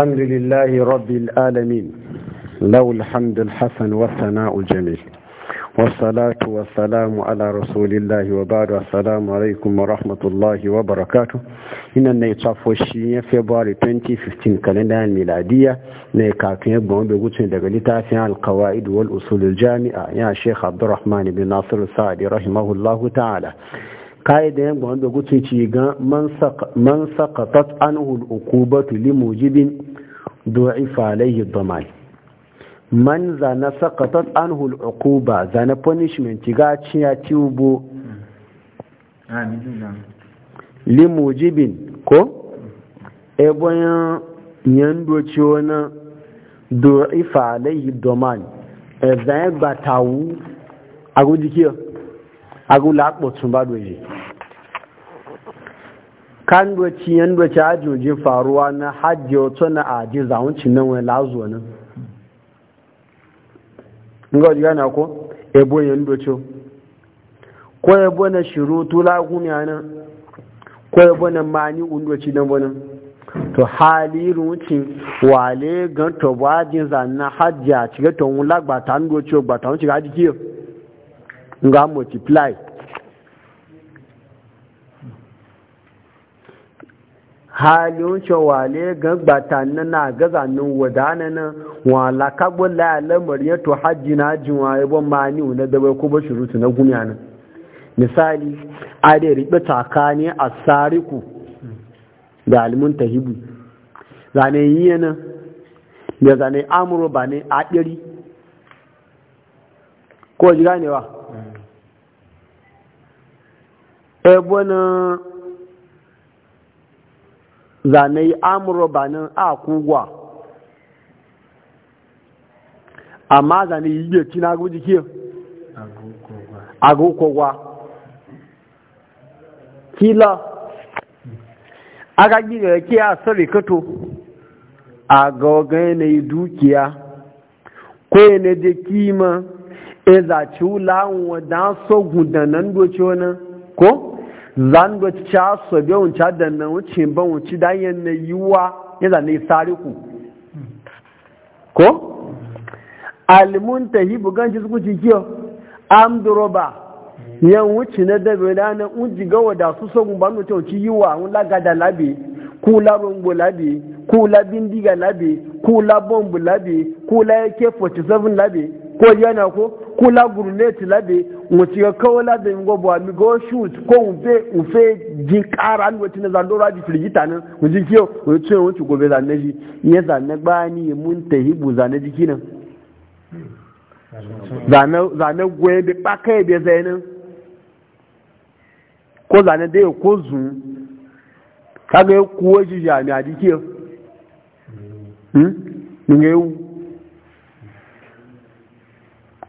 الحمد لله رب العالمين لو الحمد الحسن والثناء الجميل والصلاة والسلام على رسول الله وبعد السلام عليكم ورحمة الله وبركاته إن نيتصف الشيء فبراير 2015 كالندا الميلادية نيكاكين بون بغوتين دغليتا في القواعد والأصول الجامعة يا شيخ عبد الرحمن بن ناصر السعدي رحمه الله تعالى قاعدة ينبغي أن تقول من سقطت عنه العقوبة لموجب du'ifa alaihi dhaman man zana saqatat anhu al'uquba zana punishment ga ciya tiubo limujibin ko ebon yando ciwona du'ifa alaihi dhaman ezan gbatawu agu dikiyo agu lakpo tun ba kan doci yan doci ajoji faruwa na hajji wato na aji zawunci nan wani lazuwa nan nga wajen gana ko ebo yan doci ko ebo na shiru tula gumiya nan ko ebo na mani undoci nan wani to hali runci wale gan to zan na hajji a cikin to wula gbata doci gbata wancin hajji aji kiyo nga multiply halin shawale ga batanna na nan wadana na wala ka la lamar ya to hajji na jinwa ya ban mani na dabai ko bashirutu na gumiya nan misali a da riɓe tsakani a sariku da alimun tahibu zane yi yana da zane amuru ba ne a ɗari ko ji ganewa mm. ebe na zanai amuro banin a kugwa amma zanai yi yake na guji ke agogogwa kila aka gina yake a sari kato a gawaga dukiya ko yanayi da kima e zaci wula wadda sogun da nan doce wani ko? zango cha so be un cha da na wuce ban wuce da yan na yuwa ya ne sariku ko almuntahi bugan ji su ji kiyo amduroba yan wuce na da bela na ji gawa da su so ban wuce wuce yuwa un laga da labi ku kula bo labi ku labin diga labi ku labon bu labi ku la yake 47 labi ko yana ko ku la gurnet labi ŋutsu yɛ kawo la de ŋgɔ bɔ mi shoot ko nfe nfe di kaara ali wetin na zan dɔrɔn adi firiji ne ŋutsu ki o o tún gobe zan ne dzi nye zan mun hibu zan ne dzi ki ne ne ko zan ne de ko zun kage kuwo dzi dzi ami adi ki o hmm?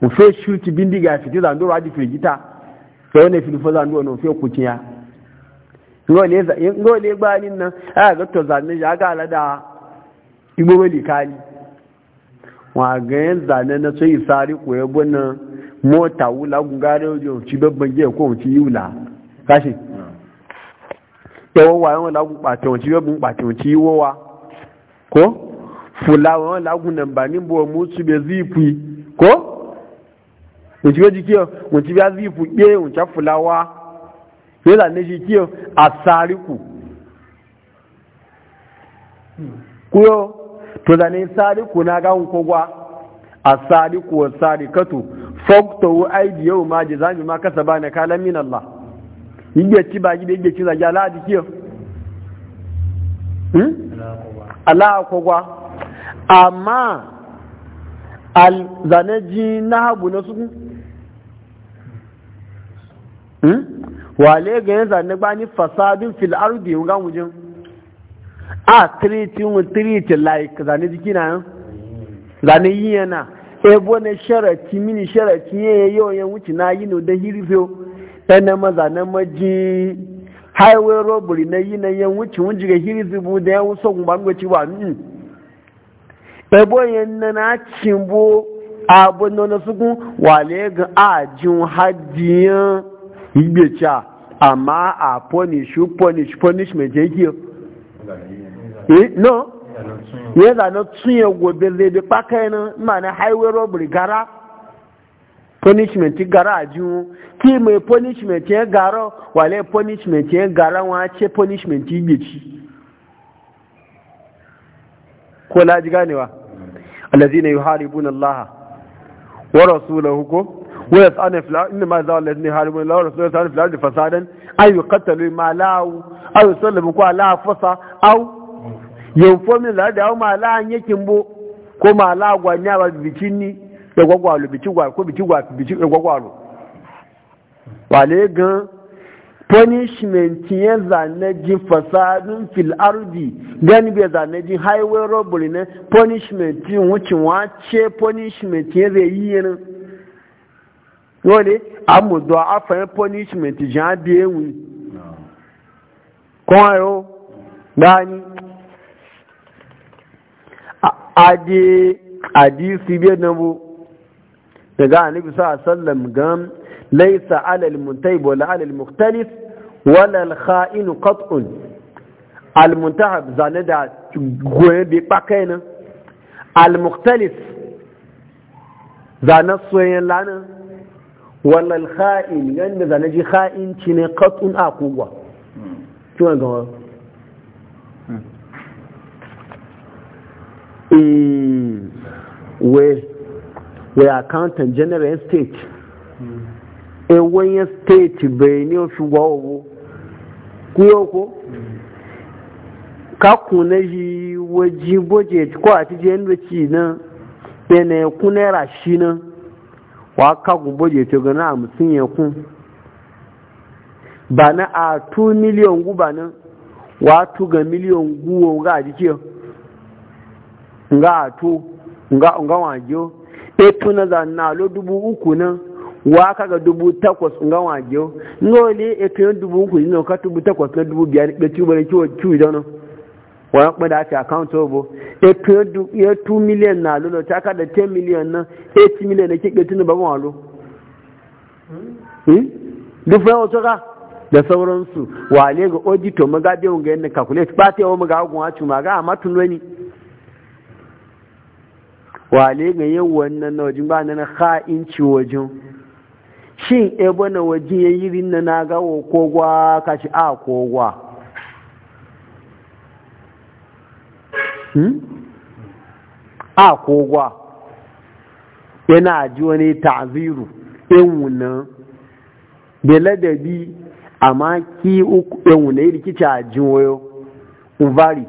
ufe shuti bindiga fiti zandoro hadi firgita sai wani filifo zandoro na ufe kuciya ngole gbanin nan a ga to zane ya ga alada igbo wali kali wa ga yan zane na sai sari e ko ya bonna mota wula gungare ojo ci babban je ko ci yula kashi yawo wa yan e lagun pato ci babban pato ci wowa ko fulawa yan lagun ba ni bo musu su be zipi ko wùtí méjì kí ọ wùtí bí azífù pé wùtí fúláwá yóò là méjì kí ọ àsáríkù kúrò tó là ní sáríkù na gáhùn kogwa àsáríkù wa sárikatu fọ́kùtọ̀wọ́ aidi yau ma jẹ zami ma kasa ba na kalan min Allah yígbẹ̀ ci ba gida yígbẹ̀ ci zagi aláàdì kí ọ hmm? aláàkogwa amma al zanaji na habu na sukun Hmm? wale ga yanzu na gbani fasadin fil ardi yunga mujin a triti un triti like zane jiki eh? na yan zane yi na ebo ne sharati mini sharati ye yo yan wuci na yi no da hirifio ɗana e maza na maji highway robbery na yi na yan wuci wunji ga hirifibu da yan wuso gumba ba ebo na na igbe cha amma a punish punish punishment je e, no ye da no tun ye go be de paka na ma na highway robbery gara punishment gara ajiwo, ki me punishment ye garo wale punishment ye gara wa che punishment igbe chi ko laji ganewa mm. allazina yuharibuna allaha wa rasulahu ko ويسألون في الأرض إنما يسأل الذين يحاربون الله ورسوله يسألون في الأرض فسادا أن يقتلوا ما لا أو يسلموا كوا لا فصا أو ينفوا من الأرض أو ما لا يكنبو كما لا غنيا بيتيني يغوغوالو بيتيغوالو كو بيتيغوالو بيتيغوالو wale gan punishment yin zanejin fasadun fil ardi gani bai highway robbery ne punishment yin wucin wace punishment yi yanin a yole amudu afayin e punishment jan bi ewi kan ayo gbani adi hadisi biyar na bu daga anabi sa sallam gam laisa alal muntaib wala alal mukhtalif wala al kha'in qat'un al muntahab zane da goye bi pakaina al mukhtalif zane soyen lana. wannan kha'in yan da zane ji kha'in ci ne katsun a kugwa kina ga wani eh, we accountan accountant general state ewenye eh, state bai ni oṣù gwa owo kuyoko kakuna yi wajen budget ko a ti je ndoci nan yana kuna shi nan wa ka gubo je ce gana hamsin ya kun ba na a 2 miliyan guba nan wa tu ga miliyan gu ga jike nga to nga nga wajo e na za na lo dubu uku nan wa ka ga dubu takwas nga wajo le e tuna dubu uku ne ka dubu takwas na dubu biyar ne ci bare ciwo ciwo da nan wọ́n pẹ́ ake fi àkáǹtì òbò ètò mílíọ̀n náà ló lọ tí a kàdà ten mílíọ̀n náà eight mílíọ̀n ní kíkẹ́ tí ní bàbá wọn lò. wọn hmm? tọ́ka da sauransu wale ga odito maga ga yadda calculate ba ta yawa maga agun hacu maga a matun wani wale ga yin na wajen ba na e na inci wajen shin ebo na wajen yayi rinna na kogwa kashi a kogwa Hmm? a kogwa yana ji wani ta'ziru enwunan beladabi a amma ki uku enwunan yi rikici a jiwoyo uvari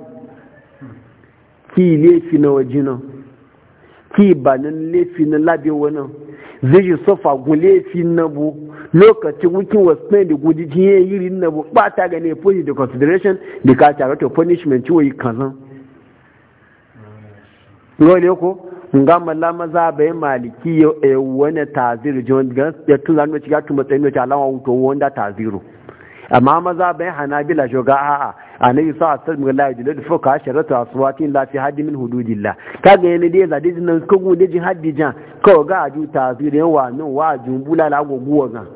ki lefi na waje ki banin lefi na labe wani zai yi sofa gun lefi na bu lokacin wikin was playing the good jiye yiri na bu ba ta gane put the consideration the ka tare to punishment ciwo yi kazan ngole ko nga mala maza bai maliki yo e wani tazir jon gan ya tun zanu ci gatu matsayin ci alama wuto wanda taziru amma maza bai hanabila shoga a'a annabi sa sallallahu alaihi wasallam da fuka sharatu aswatin la fi haddi min hududillah kaga yana dai zadi nan kogu da jin haddi jan ko ga aju tazir e wa nan wa jumbula la guwa gan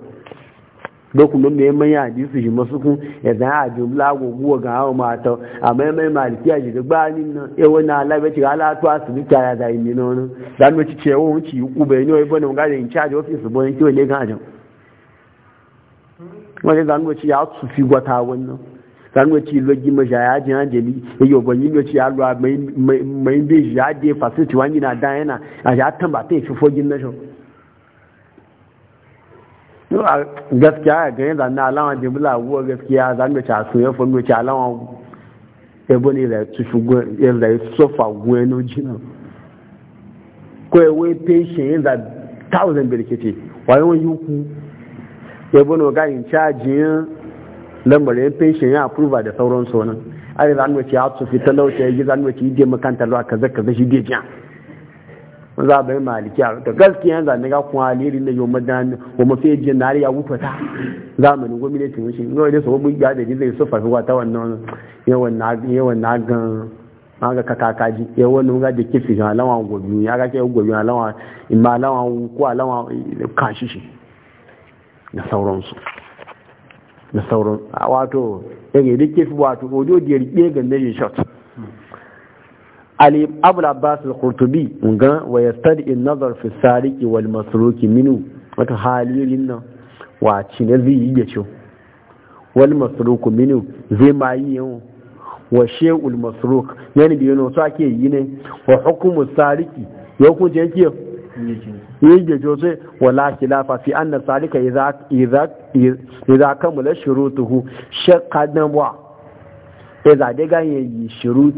dokunan mai manya hadisi shi masu kun ya zan a jumla guguwa ga hawa mata a mai mai maliki a shiga gbanin nan ya wani alaɓe ci halatu asibiti ya yi nina wani za mu ci cewa wani ci yuku bai ne bane wani in charge office su bane kiwon ne ajan wani za mu ci ya su fi gwata wannan za mu ci logi ma ya yaji ya ya yi obanyi mu ci ya lura mai bai ya je fasiliti wani na dan yana a ya tambata ya fi fogin na a gaskiya a gani zanen alama jimla abuwa gaskiya zan da casu ya fungo ci alama ebe ne da su yin da ya sofa gwenu jina ko ya wai pension yin da thousand birkiti wani wani yuku ebe ne ga in caji yin lambar yin pension ya approve da sauran sonan ari zan da ci a tsofi talauta ya yi zan da ci ide makanta lo kaza kaza shi ide jiya za bai maliki a da gaskiya za ne ga kuma aliri na yau madan ko mafi je na ya wufata zamanin gwamnati mun shi no ne so mun ga da ji zai sufa wa ta wannan yawan na yawan na gan na ga kakakaji yawan mun ga da kifi ga lawan gobi ya ga ke gobi lawan imma lawan ko lawan eh, kashi shi na sauransu da sauran wato yake duk kifi wato ojo da rike ga ne shot abu abbas al-qurtubi ga wa yastadi in nazar fi sariki wal masruki minu wata halirin nan wa cine zai yi gacho wal masruku minu zai ma yi yawon wa she'ul masruk yani biyu nan su ake yi ne wa hukumu sariki ya hukunce yake yi gacho sai wala khilafa fi na sarika idza idza idza kamala shurutuhu shaqqa nabwa sai zade gan ya yi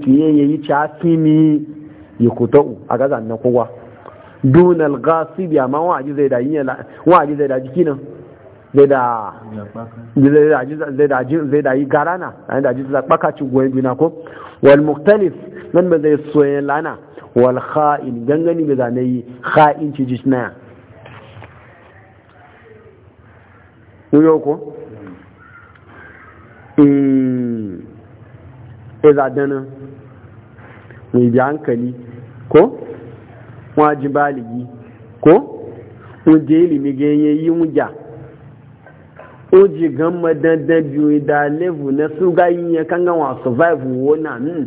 tiye ya yi cafi mi ya kutau a gaza na kowa Dunal gasi ghasib amma wa'aji zai da yin zai da jiki nan zai da zai da zai da yi garana zai da jiki baka ci goyen juna ko wal muktalif nan ba zai soyayya lana wal kha'in gangani ba zane yi kha'in ci jisna uyo ko eh sai zadana mai bi hankali ko waji baligi ko oje ilimi ganye yi wuja oji gan madandan biyu da levu na su ga yi ya kan gawa survive wo na nun hmm.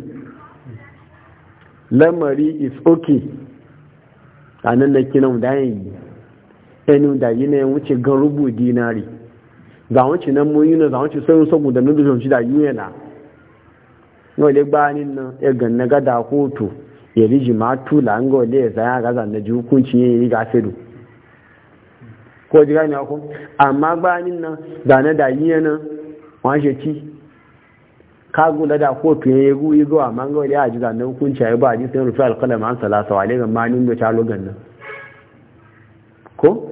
lamari is okay a nan na kinan da yi ẹni da yi na wuce gan rubu dinari zawon wuce nan mu yi na zawon ci sayo saboda nudujin shi da yi yana wale gbanin nan ya ganna ga da hoto ya riji ma tula an ga wale ya zaya ga zanna ji hukunci ya yi gafiru ko ji gani ku amma gbanin nan da na da yi nan washe ci kagula da hoto ya yi guyi ga amma ga wale ya ji zanna hukunci ya yi ba a ji sai rufe alkalama an salasa wale ga manin ga talo ganna ko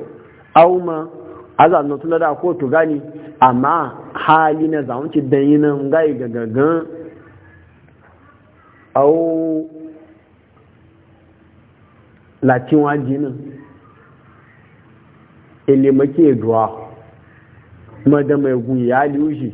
auma azan tula da hoto gani amma hali na zaunci dan yi nan ga gagagan au latin waji nan ile make duwa kuma da mai gun ya liushi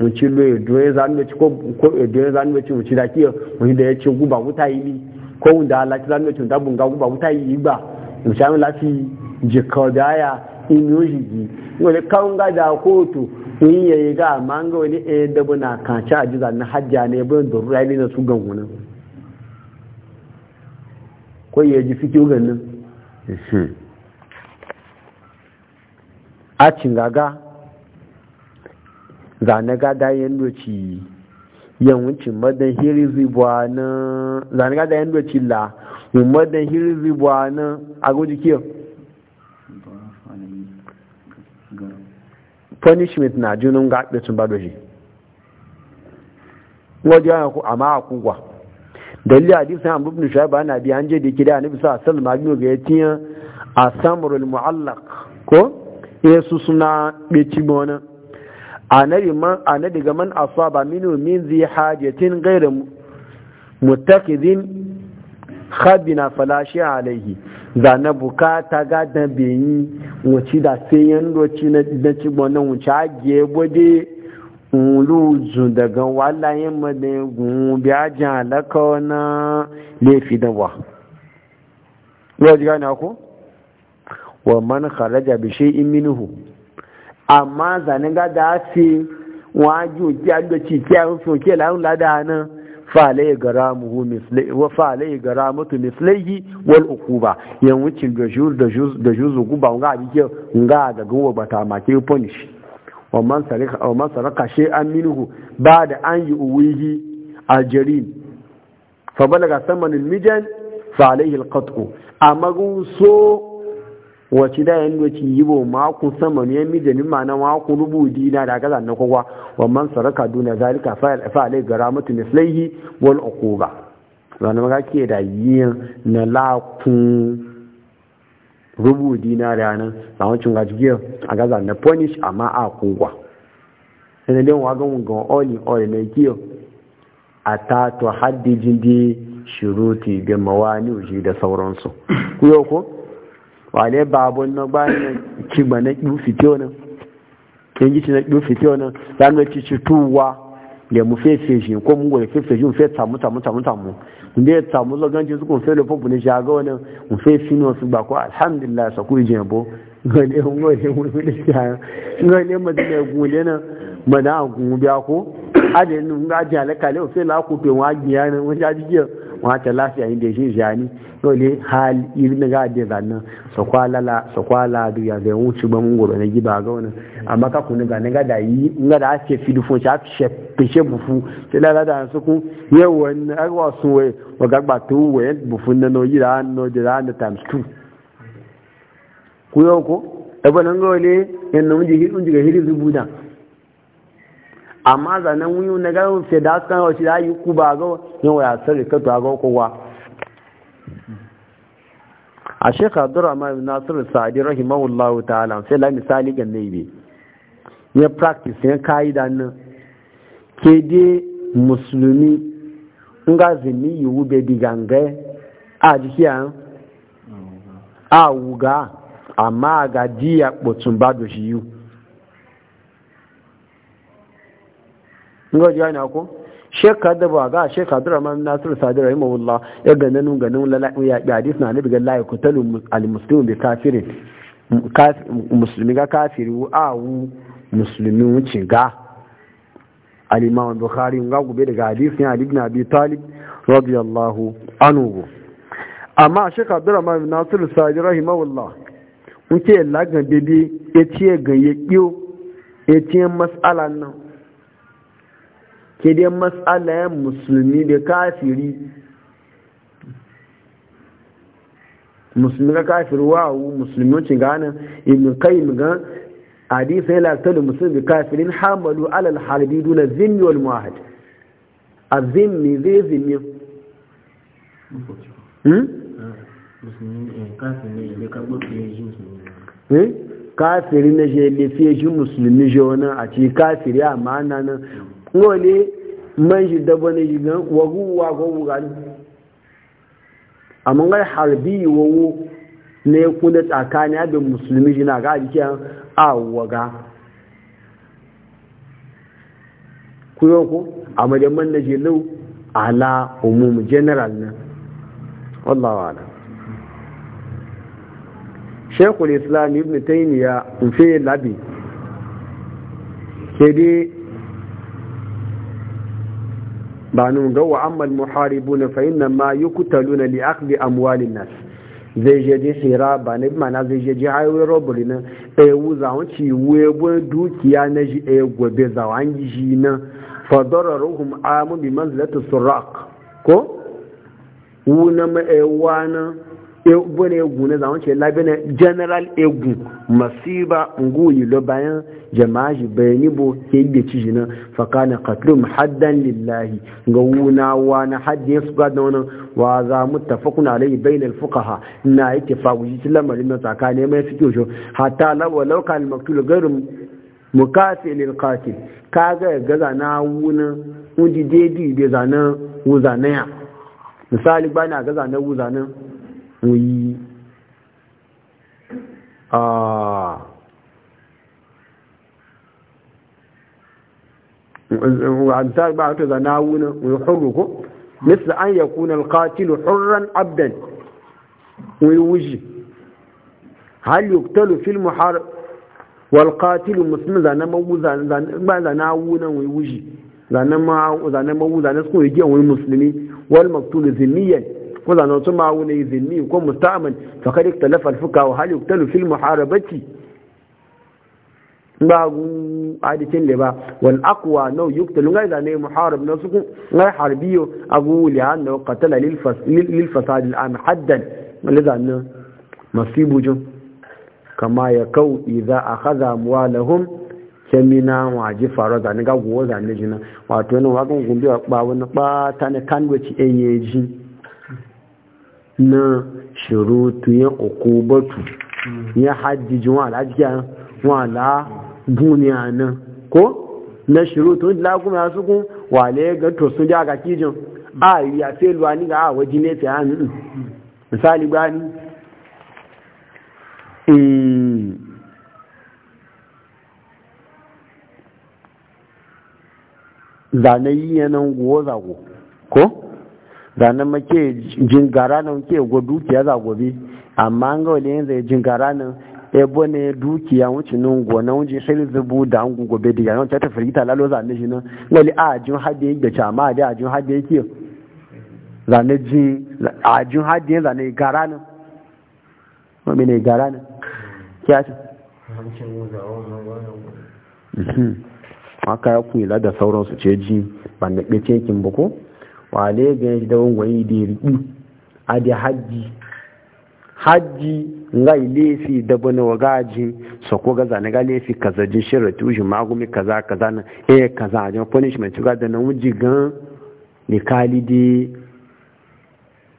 mu ci lo edo ya zanu ci ko ko edo ya zanu ci mu ci da kiyo e, mu da ya ci guba wuta yi ni? ko wanda lati zanu ci da bunga guba wuta yi ba mu sha mu lati jikko da ya inu yi ji ngole kaunga da kotu kun yayi ga amma ga wani eh da buna kanci a jiza na hajja ne bin da ruwa ne na su gan wani ko ya ji fiki ganin hmm. a cingaga ga na ga dayan doci yawancin madan hiri zibuwa na zanaga dayan doci la madan hiri zibuwa na a guji kiyo punishment na junin gaɓe tun ba doji wajen yana ku amma a kugwa dalili hadisi na amrubin shayar ba na biya hanje da ke da anabi a asal magino ga ya tiya a samurul mu'allak ko yesu suna ɓeci wani a na daga man asaba minu min zai hajjatin gairar mutakidin khabina falashi alaihi za bukata ga da beyi wuci da sai yan roci na ci gbonan wuce agiye gwade ulu daga wallayen madagun bi ajin alaka na laifi da wa yau ji gane ko wa man kharaja bi shay'in minhu amma zanin ga da fi waju ki ando ci ki an so ki la'un lada nan Fa la mislai garamatu mislaihi wal uquba yan wucin da jur da juz da juz uquba nga bi ke nga da gowa bata ma ke punish wa man sarika wa man saraka shay'an minhu ba'da an yuwihi ajrin fa balaga samanin mijan fa alayhi al qat'u so wace da yan doki bo makun sama ne mi da ni ma'ana makun rubu dina da ga na kowa wa man saraka duna zalika fa alai garamatu mislihi wal uquba wani maga ke da yin na la ku rubu dina da nan a wancin gajigiyar a gaza na punish amma a kowa sai dai wa ga mun ga oli oli ne kiyo ata to haddijin di shiruti da mawani da sauransu ku yau ko wale babon na bayan ba na ƙi fito nan kin ji na ƙi fito nan za mu ci tuwa da mu fe fe shi ko mu gore fe fe shi mu fe tamu tamu tamu tamu mu ne tamu lo ganji su ko fe lo popu ne ga wannan mu fe su ba ko alhamdulillah sa ku je bo gole ngole mu ne shaga ngole mu da gole nan mana gun biya ko adin ga jalaka le fe la ku pe wa giya wata lafiya inda shi jani dole hal irin ga da zanna sakwala la sakwala du ya da wuce ba mun goro na giba ga wannan amma ka kunu ga ga da yi nga da ake fidu fo ta fishe fishe bufu sai la da su ku yau wannan agwa su we wa ga ba tu we bufu na no yi da no da na times 2 ku yau ko ebe nan gole yan nan ji hidun diga hidi zubuda amma zanen wuyu na ga sai da kan wa shi da yi ku ba ga yin waya sarri kato a gan a shekha abdurrahman bin nasiru sa'adi rahimahullahu ta'ala sai la misali ga naibe ya practice ya ka'ida nan ke de musulmi nga zimi iwu be digange a jikiya a wuga amma ga diya kpotun bado shi yiwu nga jiya ne ako shekka da ba ga shekka da ramar nasiru sadi rahimahullah ya ga nan ganin lalaɓin ya ga hadis na nabi ga layi kutalu almuslimu bi kafirin musulmi ga kafiri a wu musulmi wuce ga al-imam bukhari ga gube daga hadis ne ali ibn abi talib radiyallahu anhu amma shekka da ramar nasiru sadi rahimahullah wuce lagan bebe ya ce ga ya kiyo ya ce mas'alan nan ke dai matsalayen musulmi da kafiri musulmi ka kafiri wawu musulmi gane ganin ibn qayyim ga hadisi ya lantar musulmi da kafirin hamalu alal harbi duna zimmi wal muahad a zimmi zai zimmi hmm? hmm? kafirin na je lafiye shi musulmi shi wani a ce kafiri a ma'ana nan wọ́n man shi dabo ne shi gan waguwa ko wugani amma ngai harbi ne tsakani abin musulmi shi na ga jikin awaga kuyo ko a na ala umum general na wallahu ala shekul islam ibn taymiya fi labi sai dai ba nun ga wa ammal muharibuna na inna ma yuqtaluna li akhdhi amwalin nas zai je je sira ba ne mana zai je je highway robbery na e ci e dukiya na ji e gobe zawan ji na fa dararuhum amu bi manzilati surak' ko na ma ewa na. egun ne egun ne zawon ce general egun masiba ngu lo bayan jama'a ji bayani bo ke yi ci jina nan faka haddan lillahi ga wuna wa na haddi su da wani wa za mu tafi kuna alayi na yake fawuji ci lamarin na tsakani mai fito shi hatta lawa lauka kan maktul garin mukatilin ka kaga gaza na wuna wuji dedi be zanan wuzanaya misali ba na gaza na wuzanan wuyi a ta ba ta zana wuna wuyi hurru ko misli an ya kuna alkatilu hurran abdan wuyi wuji hal yuktalu fil muhar walkatilu musulmi zana mawu zana wuna wuyi wuji zana mawu zana suka yi giyan wuyi musulmi wal maktulu zimiyyar ko zanen su ma wuni zinni ko musta'man fa kad ikhtalafa al-fuqaha wa hal yuktalu fil muharabati ba gu adikin da ba wal aqwa no yuktalu ngai zane muharib na su ngai harbiyo agu li anna qatala lil fas lil fasad al-am haddan wal zanen masibujun kama ya kau idza akhadha amwalahum kemina waji faro zane ga go zane jina wato ne wa gun gumbi wa ba wani ba ta ne kanwaci eyeji na shirutu ya batu ya hajjijin wa al'ajiya wa duniya nan ko na shirutu ya kuma ya sukun wa ga to sun ja ga kijin a ya sai luwa ni ga a waje ne ta yanu misali gani hmm. zanayi yanan gowa zago ko zanen make jingara nan ke go dukiya za gobe amma an ga wani yin zai jingara nan ebo ne dukiya wuce nun go na wuce sai zubu da an gobe da yanon ta tafi ta lalo ne shi nan wani a jin hadde yake ci amma a da ajin hadde yake zane jin a jin hadde zane gara nan wani ne gara nan kya ci mhm. haka ya kula da sauransu ce ji ba na ɓece kin ba ko wale ga yi da wangwani da ya riɓi a da hajji hajji nga ilefi dabo na wagaji so ko gaza na lefi kaza jin shirya tushe magumi kaza kaza na eh kaza a jan punishment ga da na wuji gan ni kalidi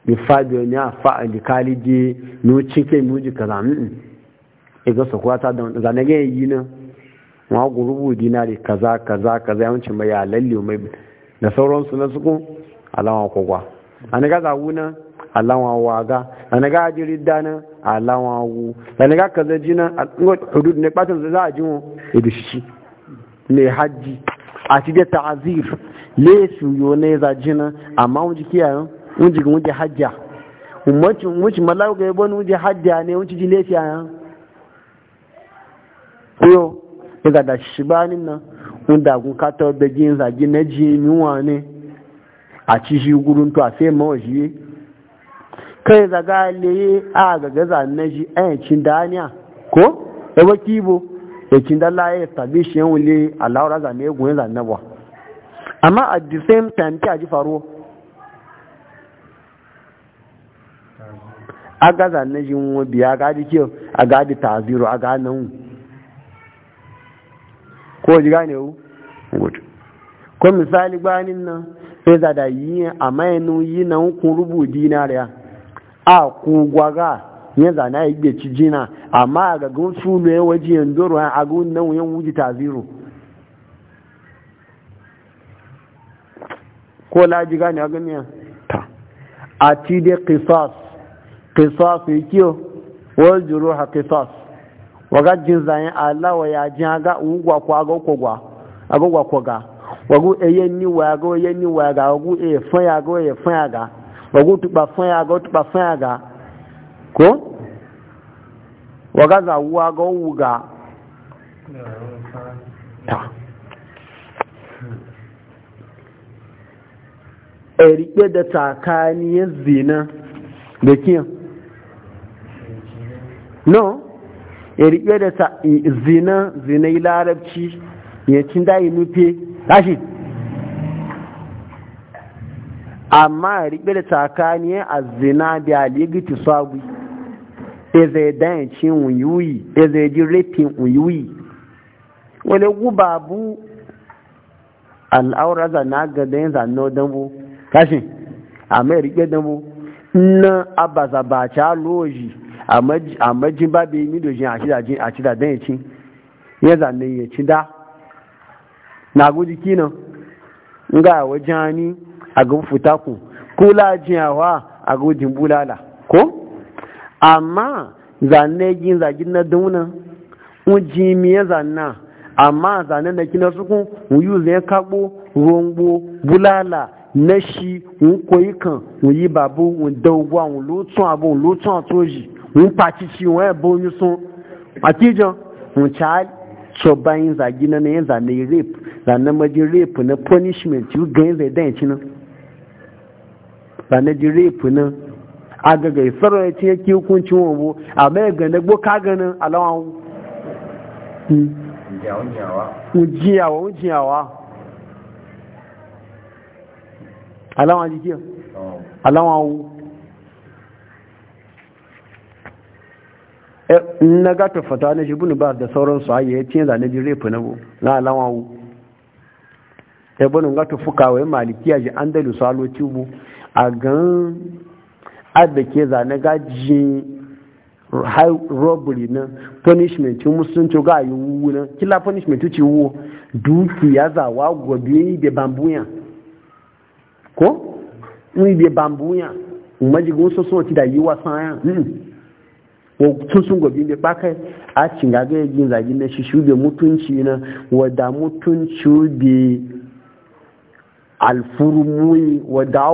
ni fabio ni afa ni kalidi no chike ni wuji kaza mm e ga so ko ta da za na ga yi na wa gurubu dinari kaza kaza kaza yawancin mai ya lalle mai da sauransu na suku alawan kogwa ani ga zawuna alawan waga ani ga ajiri dana alawan wu ani ga kaza jina hudud ne patun za a jiwo ibishi ne haji a ti da ta'azir le su yo ne za jina a ma ji kiyayen mun ji mun ji hajja ummatu mun ji malawu ga yabo mun ji hajja ne mun ji lefiya yan ko ga da shibanin nan mun da gun ka ta da gin za gin na ji wa ne. a ci shi gudun to a sai mawa shi kai zaga leye a ga gaza na shi a daniya ko ya waki bo cin da e e laye ya tabi shi yan wule a laura ga ya goyi zanen ba amma at the same time ta ji faruwa a ga zanen shi wani biya ga ji kiyo a ga di ta ziro a ga nan ko ji gane wu ko misali gbanin nan sai za da yi a mayanu yi na hukun rubu dinariya a kun gwaga ya zana ya gbe ci jina amma a gagun su ne waje yanzu doro a gagun nan ta zero ko laji ni a ganiya ta a ci dai kisas yi kiyo wani ha qisas. waga jin zayen alawa ya jin aga ungwa ko agogwa agogwa ga wagu eye ni wago eye ni waga wagu e e fanya fayaga wagu tuba fayago tuba fayaga ko waga za wago wuga ta e rike da tsakaniyar zina de kiyan no e de ta zina zina ilarabci ye tinda yi nufe tashi amma riƙe da a azina da aligiti sabu eze dan cin uyuyi eze di rafin uyuyi wani gubabu al'aura zana ga dan zano dambu tashi amma riƙe dambu na abaza ba ca loji amma jin babu yi midojin a shida dan ya ci ya zane ya ci da na guji kinan nga wajani a ga futa ku kula jiyawa a gujin bulala ko amma zane gin zagin na duna uji miye zanna amma zane na kina suku wuyu zai kagbo rongbo, bulala na shi n koyi kan n yi babu n dawuwa n lotun abu n lotun atoji n pacici n ebo onyusun atijan n ca so bayan zagi na yin zane rape nama maji rape na punishment yi ganyen zai dan ci na nan na ji rape na agaga isarar ya ce yake hukuncin wabo a mai gane gbo ka ganin alawan ujiyawa ujiyawa alawan jikiyar alawan wu hmm. eh, na gata fata na shi bunu ba da sauransu a yi ya ce zane ji rape na bu na alawan wu ta bunin gatu fuka wai malikiya ji an dalu salo tubu a gan adda ke zane gaji high robbery na punishment musulunci ga yi wuwu na kila punishment ci wuwu duki ya zawa gobe yi da bambuya ko yi da bambuya gun sun sun da yi wa sanya tun hmm. sun gobi ne bakai a cin gaga gin zagi na shi shube mutunci na wadda mutunci be alfurmuyi wadda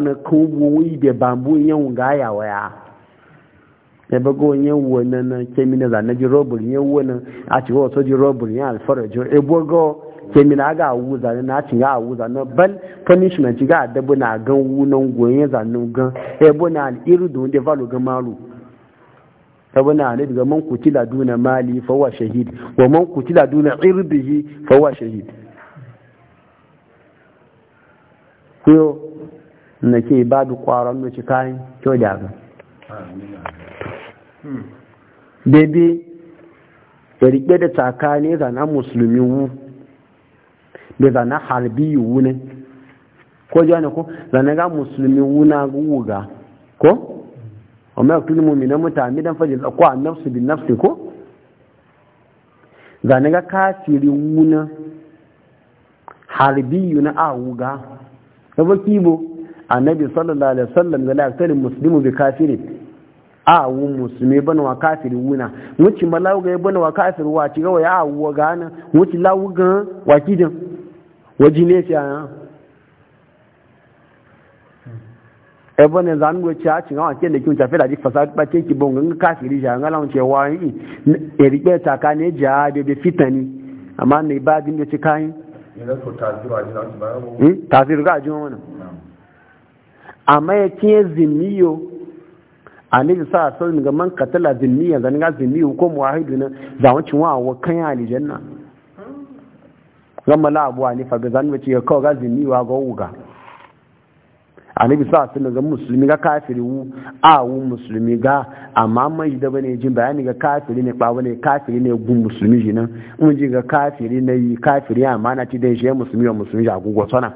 na kubuwi da bambu yawon gaya waya na na kemina za na ji a ci ji alfara ga awuza na na ci ga awuza na bal punishment ga adabu na gan wunan goyen gan ebo na al'iru da malu na daga man kutila duna mali fawa shahid wa man kutila duna fawa shahid kuyo na ke ba da kwaron da cikayen kyau da ga bebe ya rike da tsakani zana musulmi wu da zana harbi wu ne ko ji ko zana ga musulmi wu na guga ko amma yaktul mu'mina mutamidan fajil ko annafsu bin nafsi ko zana ga kafiri wu na harbi yu na awuga sabo kibo annabi sallallahu alaihi wasallam ga la yaktarin muslimu bi kafirin a wu musulmi bana wa kafiri wuna wuci malawu ga bana wa kafiri wa ci ga ya wu ga na wuci lawu ga wa kidan waji ne ci a e bane zan go cha ci gawa ke da kin tafi di fasa ba ke ki bon ga kafiri ja ga lawu ce wa yi e ri ta ka ne ja be fitani amma ne ba din da ci kai tasiru ga ajiyar wani amma ya ce zimmiyo a nabi sa sau ga man katala zimmiya zanen ga zimmiyo ko mu muwahidu na zawancin wa awa kan ya alijanna gama hmm. la abuwa ne faga zanen wace ya kawo ga zimmiyo ga wuga annabi sa sun ga musulmi ga kafiri wu a wu musulmi ga amma mai da bane jin bayani ga kafiri ne ba bane kafiri ne gun musulmi shi nan in ji ga kafiri ne yi kafiri amma na ci dai shi musulmi wa musulmi ja gugu sana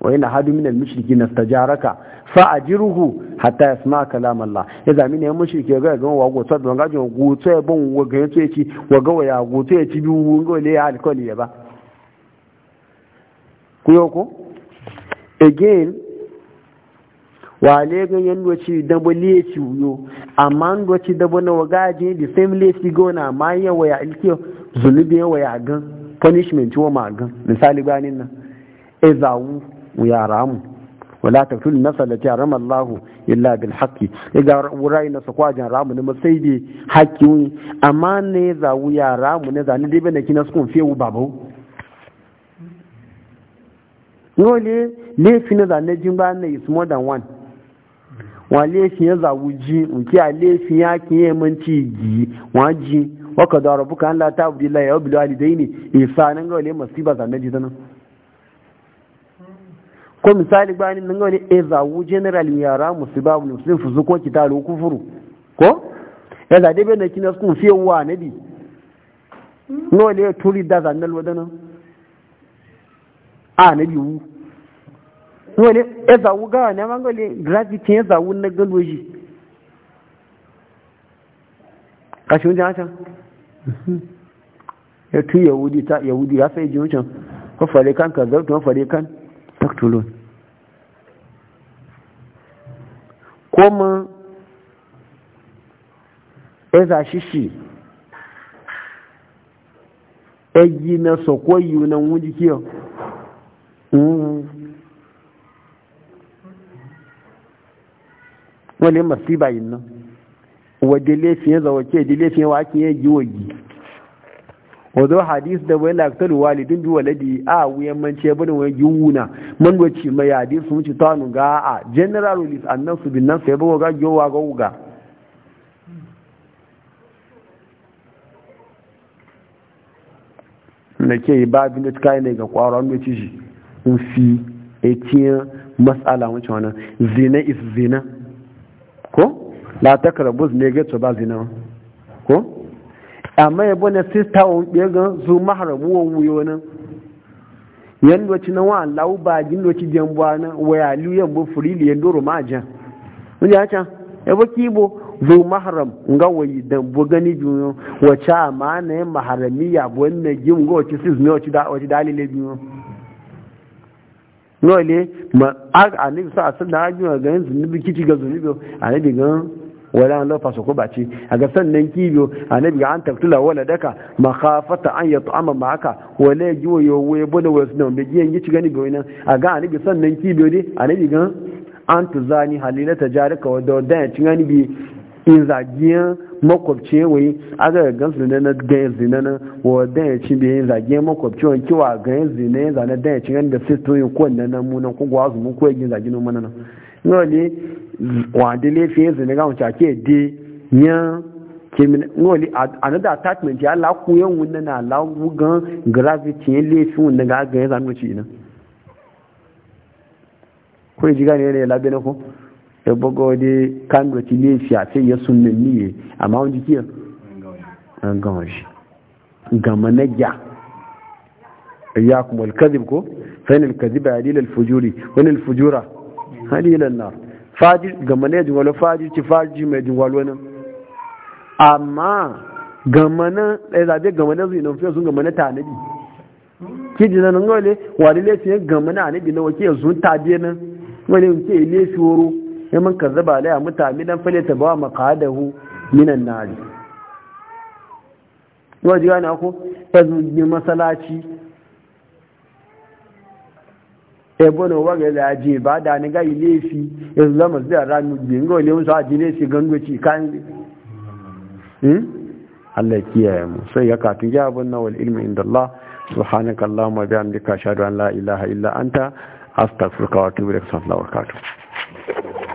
wa ina hadu min al-mushriki nastajaraka fa ajiruhu hatta yasma kalam Allah ya zami ne mushriki ga ga wa gugu sana ga jin gugu ya bon wa ga yace ki wa ga ya gugu ya ci bi wu ga le ya alkoli ya ba ku yoko again wale gan yan wace dabo ba leci wuyo amma an wace dabo na na je da same leci gona amma ya waya ilkiyo zunubi ya waya gan punishment wa ma gan misali bayanin nan e zawu ya ramu wala nasa da ta rama Allahu illa bil haqqi ga wurai na sakwa jan ramu ne sai bi haƙƙi amma ne zawu ya ramu ne zani dai bane kina sukun fiye babu ngole laifi na zane jin ba na is more than one wa laifi ya zawu ji nke a laifi ya ki yi manci gi wa ji waka da rabuka an lata abu dila ya obi walidai ne isa nan ga wale masiba zane ji zanen ko misali gbani nan ga wale e zawu general yara musiba muslim fuzu ko kufuru ko ya e na kina sun fiye wa nabi nawa ne ya turi da zanen wadana a nabi wu wani ya zawu gawa ne man gole gravity mhm. ya zawu na galoji kashin wajen haka ya tu yahudi ta yahudi ya sai ji wucin ko kan ka zautu ko kan taktulun kuma ya zashi shi ya yi na sokoyi na wani masiba yin nan wadda laifin ya zawace da laifin ya wakin ya ji wagi wazo hadis da wai laktar walidin bi waladi a wuyan mance bane wai yuna man wace mai hadis sun ci tanu ga a general release annan su bin nan sai ba ga yowa ga wuga. na ke ba bin da ta ne ga kwaron da ci shi in fi etiyan mas'ala wancan wannan zina is zina ko la takrabuz ne ga tsoba zina ko amma ya na sista on ga zu maharabu won wuyo nan yan doci na wa lau ba jin doci jambuwa na waya liyan bu furili ya doro ma jan mun ya can yabo kibo zu maharam nga wayi dan bu gani juyo wacha ma ne maharamiya bu wannan gim go ci sis ne wace da wace dalile juyo nole ma annabi sa asan da hajjima ga yin zunubi kici ga zunubi annabi ga wala an lafa su kuba ce a ga sannan kibiyo annabi ga an taktula wala daka makhafata an yat'ama ma'aka wala yajiwa yawo bana wasu nan bai yin gici gani bi wannan a ga annabi sannan kibiyo dai annabi ga an tuzani halilata jarika wa da wadan cin annabi in zagiyan makwabci wai a ga zina na ga zina na wa da ya ci biyan zage makwabci wa kiwa gan zina ya zana da ya ci ganin da sai to yin ko na munan nan ko gwa su mu ko yin zage no mana nan no ne wa de le fi zina ga wanca ke de nya kemin no another attachment ya la ku yan wannan na la wu gravity ya le fi wannan ga ga zanu ci ina ko ji gane ne labe na ko ya bugo dai kan da ne shi a ce ya sunnin niye amma wani kiyar an gama shi gama na gya ya kuma alkazib ko fain alkazib a yadda alfujuri wani alfujura halilan na fajir gama na yajin walo fajir ci fajir mai yajin walo nan amma gama na ɗaya e zaɓe gama na zuwa fiye sun gama na tanabi kiji nan ngole wani laifin gama na nabi na wakil sun tabiye nan wani ke laifin shoro ya man kazzaba mutane mutamidan fale ta bawa maqadahu minan nari waje gane ko azumin masalaci ebo na waga da aji ba da ni ga ilefi yanzu zama zai rami bingo ne musu aji ne shi gangoci kan hmm? Allah kiyaye mu sai ya kafin ya abun na wal ilmi inda Allah subhanaka Allahumma bihamdika ashhadu an la ilaha illa anta astaghfiruka wa atubu ilaik sallallahu alaihi wa sallam